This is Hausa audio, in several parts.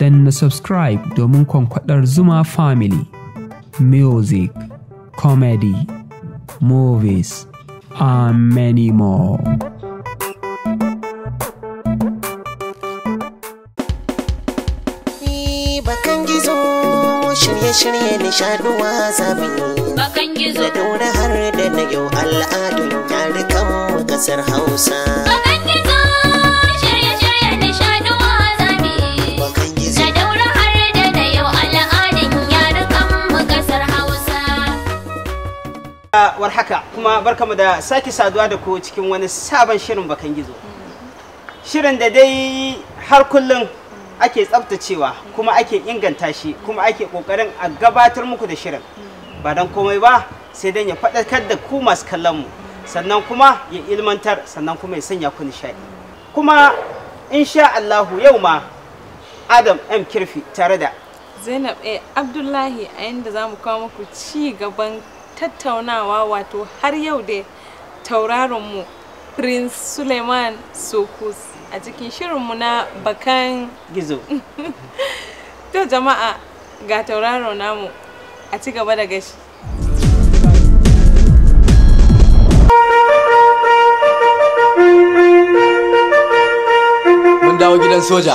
dan na subscribe domin kwankwadar Zuma Family, music, comedy, movies, and many more. Bakan gizo shirye-shirye nishaduwa zabi. Bakan gizo. Da dora har da na yau al'adun yarukan kasar Hausa. war haka kuma barkamu da sake saduwa da ku cikin wani sabon shirin bakan gizo shirin da dai har kullum ake tsaftacewa kuma ake inganta shi kuma ake kokarin a gabatar muku da shirin ba don komai ba sai dan ya faɗakar da ku masu kallon mu sannan kuma ya ilmantar sannan kuma ya sanya ku nishaɗi kuma insha Allahu yau ma Adam M Kirfi tare da Zainab eh Abdullahi a inda za mu kawo muku ci gaban tattaunawa wato har yau da mu prince suleiman sokus a cikin shirin mu na bakan gizo to jama'a ga tauraron namu a ci gaba da gashi mun dawo gidan soja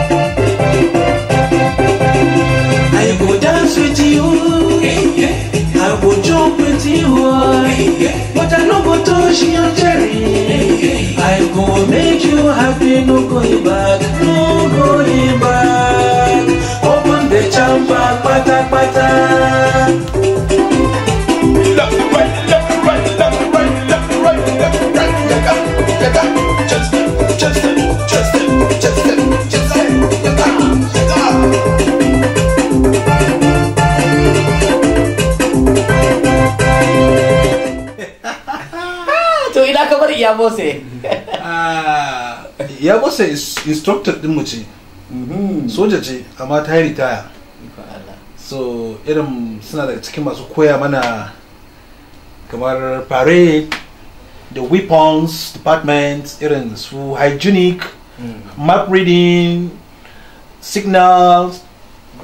I go dance with you. I go jump with you. But I no go touch your cherry. I go make you happy, no going back. No. ya bose ah, ya bose instructor din mu ce mhm. soja ce amma ta yi ritaya so irin suna daga cikin masu koya mana kamar parade the weapons department irin su hygienic mhm. map reading signals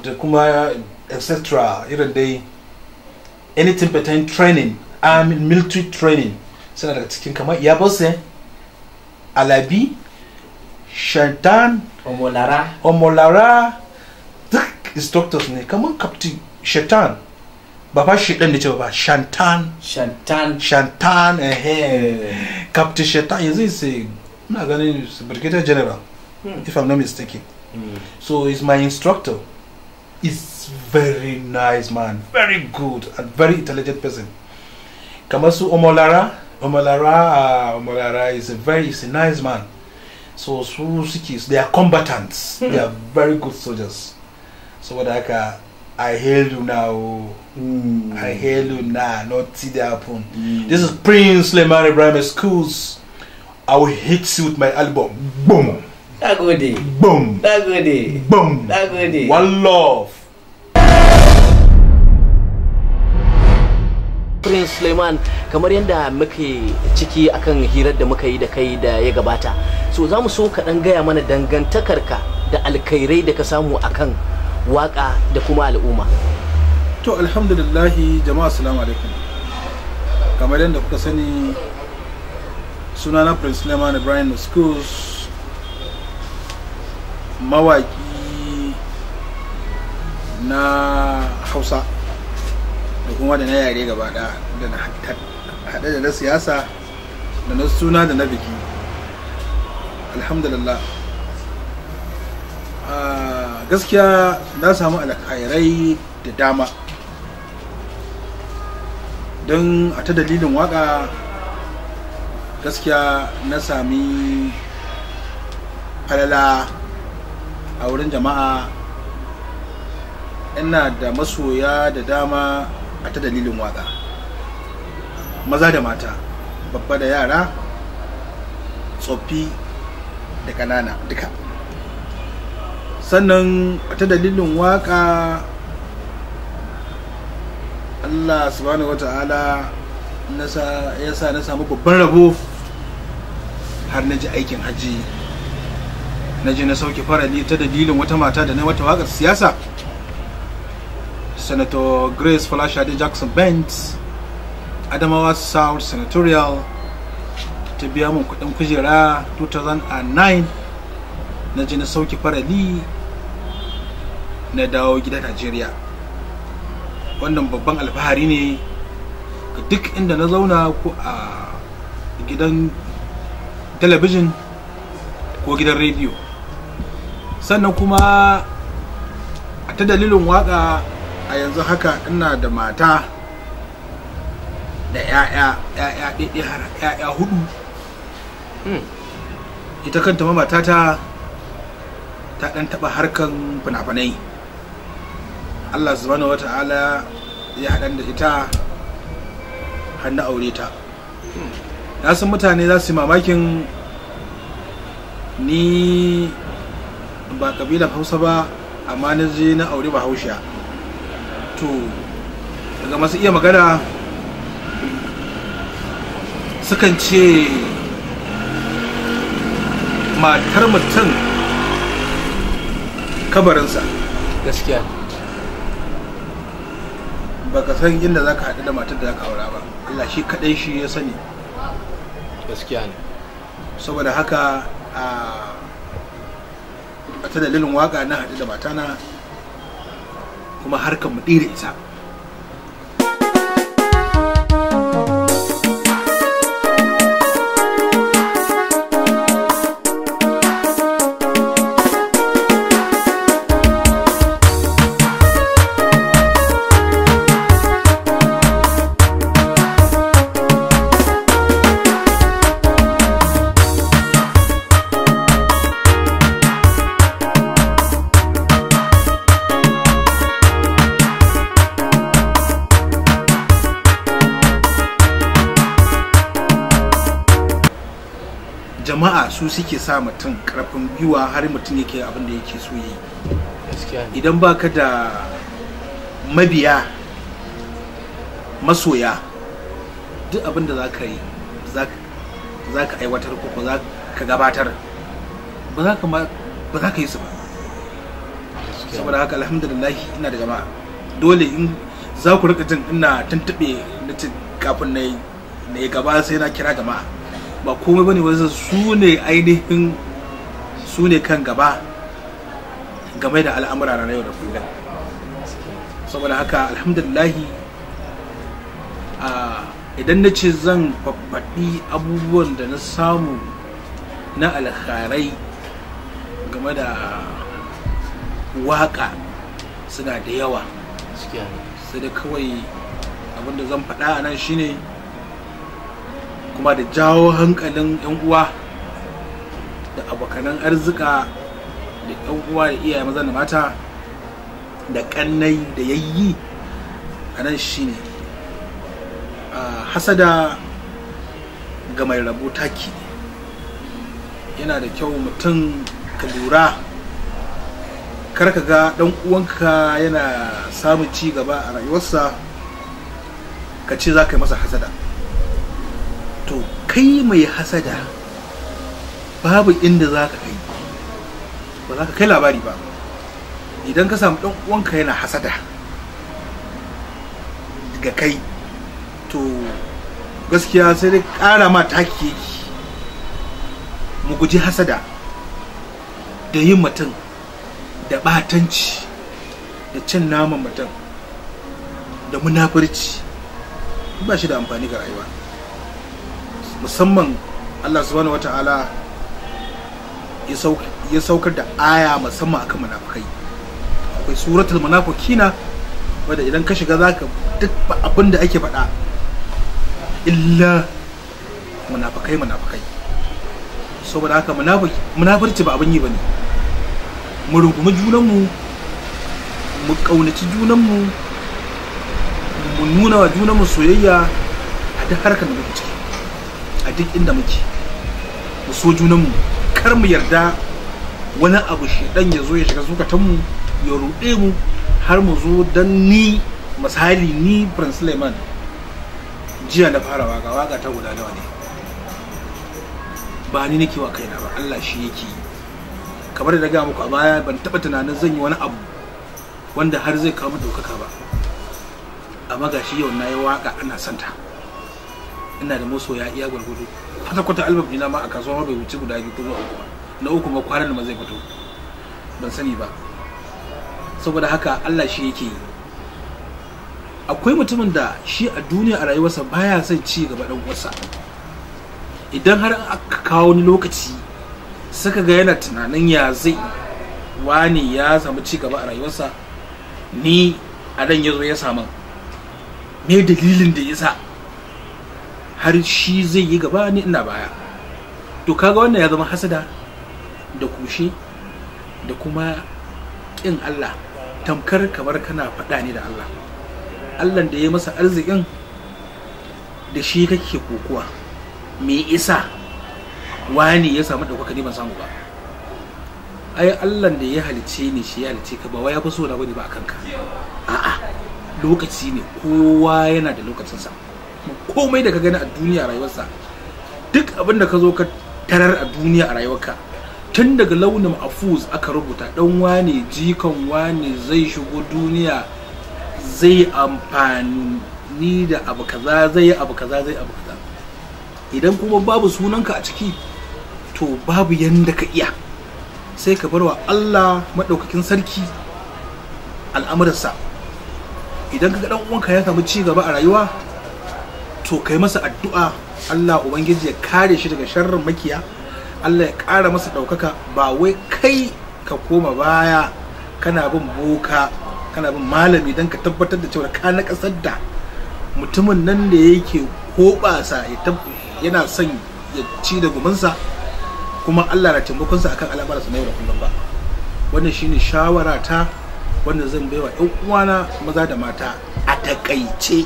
da kuma etc irin dai anything pertain training army military training suna daga cikin kamar iyabosin alabi shaitan omolara omolara duk instructors ne kamar captain shaitan ba fa shi ɗan da ce ba shantan shantan shantan eh captain shaitan yanzu sai na ganin brigadier general hmm. if i'm not mistaken hmm. so he's my instructor is very nice man very good and very intelligent person kamar su omolara Omolara, ah, Omolara is a very is a nice man. So Susikis, they are combatants. Mm. They are very good soldiers. So what I can, I hail you now. Mm. I hail you now. Not see the happen. Mm. This is Prince Lemar Ibrahim Schools. I will hit you with my album. Boom. That good Boom. That good Boom. That good One love. Prince Suleiman kamar yadda muke ciki akan hirar da muka yi da kai da ya gabata so za mu so ka dan gaya mana dangantakarka da alkairai da ka samu akan waka da kuma al'umma to alhamdulillahi jama'a assalamu alaikum kamar yadda kuka sani sunana Prince Suleiman Ibrahim Schools mawaki na Hausa da kuma da na yare gaba da na haɗe da na siyasa da na suna da na biki alhamdulillah ah, gaskiya na samu alkhairai da dama don a ta dalilin waka gaskiya na sami falala a wurin jama'a ina da masoya da dama a ta dalilin waka maza da mata babba da yara tsoffi da ƙanana duka sannan a ta dalilin waka allah subhanahu wata'ala ya sa na samu babban rabo har na ji aikin hajji na ji na sauke farali ta dalilin wata mata da na wata waƙar siyasa Senator Grace Falashade Jackson Benz Adamawa South Senatorial ta biya mun kudin kujera 2009 na ji na sauki farali na dawo gida Najeriya wannan babban alfahari ne ga duk inda na zauna ko a gidan talabijin ko gidan rediyo sannan kuma ta dalilin waka a yanzu haka ina da mata da 'ya'ya 'ya'ya hudu hmm. ita kanta mamata ta ta dan taba harkan fina-finai Allah subhanahu wata'ala ya haɗan da ita har na aure ta hmm. na san mutane za su yi mamakin ni ba ƙabilar hausa ba amma na je na aure ba haushiya to daga masu iya magana sukan ce matar mutum kabarinsa gaskiya baka san inda za ka haɗu da matar da za ka aura ba Allah shi kaɗai shi ya sani gaskiya ne saboda haka a ta dalilin waka na haɗu da matana kuma harkar mu dire isa jama'a su suke sa mutum karfin gwiwa har mutum yake abin da yake so yi idan baka da mabiya masoya duk abin da za ka yi za ka aiwatar ko za ka gabatar ba za ka ba za ka yi su ba saboda haka alhamdulillah ina da jama'a dole in za ku rika jin ina tuntuɓe na kafin na yi gaba sai na kira jama'a ba komai bane wasu sune ainihin sune kan gaba game da al'amura na yau da kullum saboda haka alhamdulillahi idan na ce zan faɗi abubuwan da na samu na alkharai game da waka suna da yawa sai da kawai abinda zan faɗa a nan shine kuma da jawo hankalin 'yan uwa da abokanan arzika da 'yan uwa da iyaye maza da mata da kannai da yayyi a nan shine hasada ga mai rabo taki yana da kyau mutum ka lura kar ka ga dan uwanka yana samun ci gaba a rayuwarsa ka ce za ka yi masa hasada to kai mai hasada babu inda za ka kai ba za ka kai labari ba idan ka samu ɗan uwanka yana hasada ga kai to gaskiya sai dai ƙara ma taki mu guji hasada da yin mutum da ɓatanci da cin naman mutum da munafurci ba shi da amfani ga rayuwa musamman Allah subhanahu wata'ala ya saukar da aya musamman akan munafikai akwai suratul munafikina wadda idan ka shiga zaka duk abin da ake faɗa illa munafikai munafikai saboda haka munafurci ba abin yi bane mu rungumi junanmu mu ƙaunaci junanmu mu nuna wa junanmu soyayya a duk harkar da muke ciki duk inda muke mu so junanmu kar mu yarda wani abu shedan ya zo ya shiga zukatanmu ya ruɗe mu har mu zo don ni misali ni prince Suleiman jiya na fara waka waka ta guda nawa ne ba ni nake wa kaina ba Allah shi yake kamar da ga muku a baya ban taba tunanin zan yi wani abu wanda har zai kawo ka ba amma gashi yau na yi waka ana santa ina da ya iya gwargwado haka kwata album dina ma a kasuwa bai wuce guda biyu ko zuwa uku na uku ma kwanan ma zai fito ban sani ba saboda haka Allah shi yake yi akwai mutumin da shi a duniya a rayuwarsa baya son ci gaba dan uwarsa idan har aka kawo ni lokaci saka ga yana tunanin ya zai wani ya samu ci gaba a rayuwarsa ni a dan ya ya samu me dalilin da yasa sa har shi zai yi gaba ni ina baya to kaga wannan ya zama hasada da kushe da kuma ƙin Allah tamkar kamar kana faɗa ne da Allah Allah da ya masa arzikin da shi kake kokuwa me isa wani ya samu ɗaukaka ni ban samu ba ai Allah da ya halice ni shi ya halice ka ba wai ya fi so na bane ba a ka a'a lokaci ne kowa yana da lokacinsa komai da ka gani a duniya rayuwarsa duk abin da ka zo ka tarar a duniya a rayuwarka tun daga launin afuz aka rubuta dan wane jikan wane zai shigo duniya zai amfani da abu kaza zai abu kaza zai abu kaza idan kuma babu sunanka a ciki to babu yanda ka iya sai ka barwa Allah maɗaukakin sarki al'amuransa idan ka ga uwanka ya samu ci gaba a rayuwa to kai masa addu'a Allah ubangiji ya kare shi daga sharrin makiya Allah ya ƙara masa ɗaukaka ba wai kai ka koma baya kana bin boka kana bin malami don ka tabbatar da cewa ka na ƙasar da mutumin nan da yake koɓasa yana son ya ci da gumansa kuma Allah na taimakonsa akan al'amarsa na yau da kullum ba wannan shine shawara ta wanda zan wa 'yan uwana maza da mata a takaice.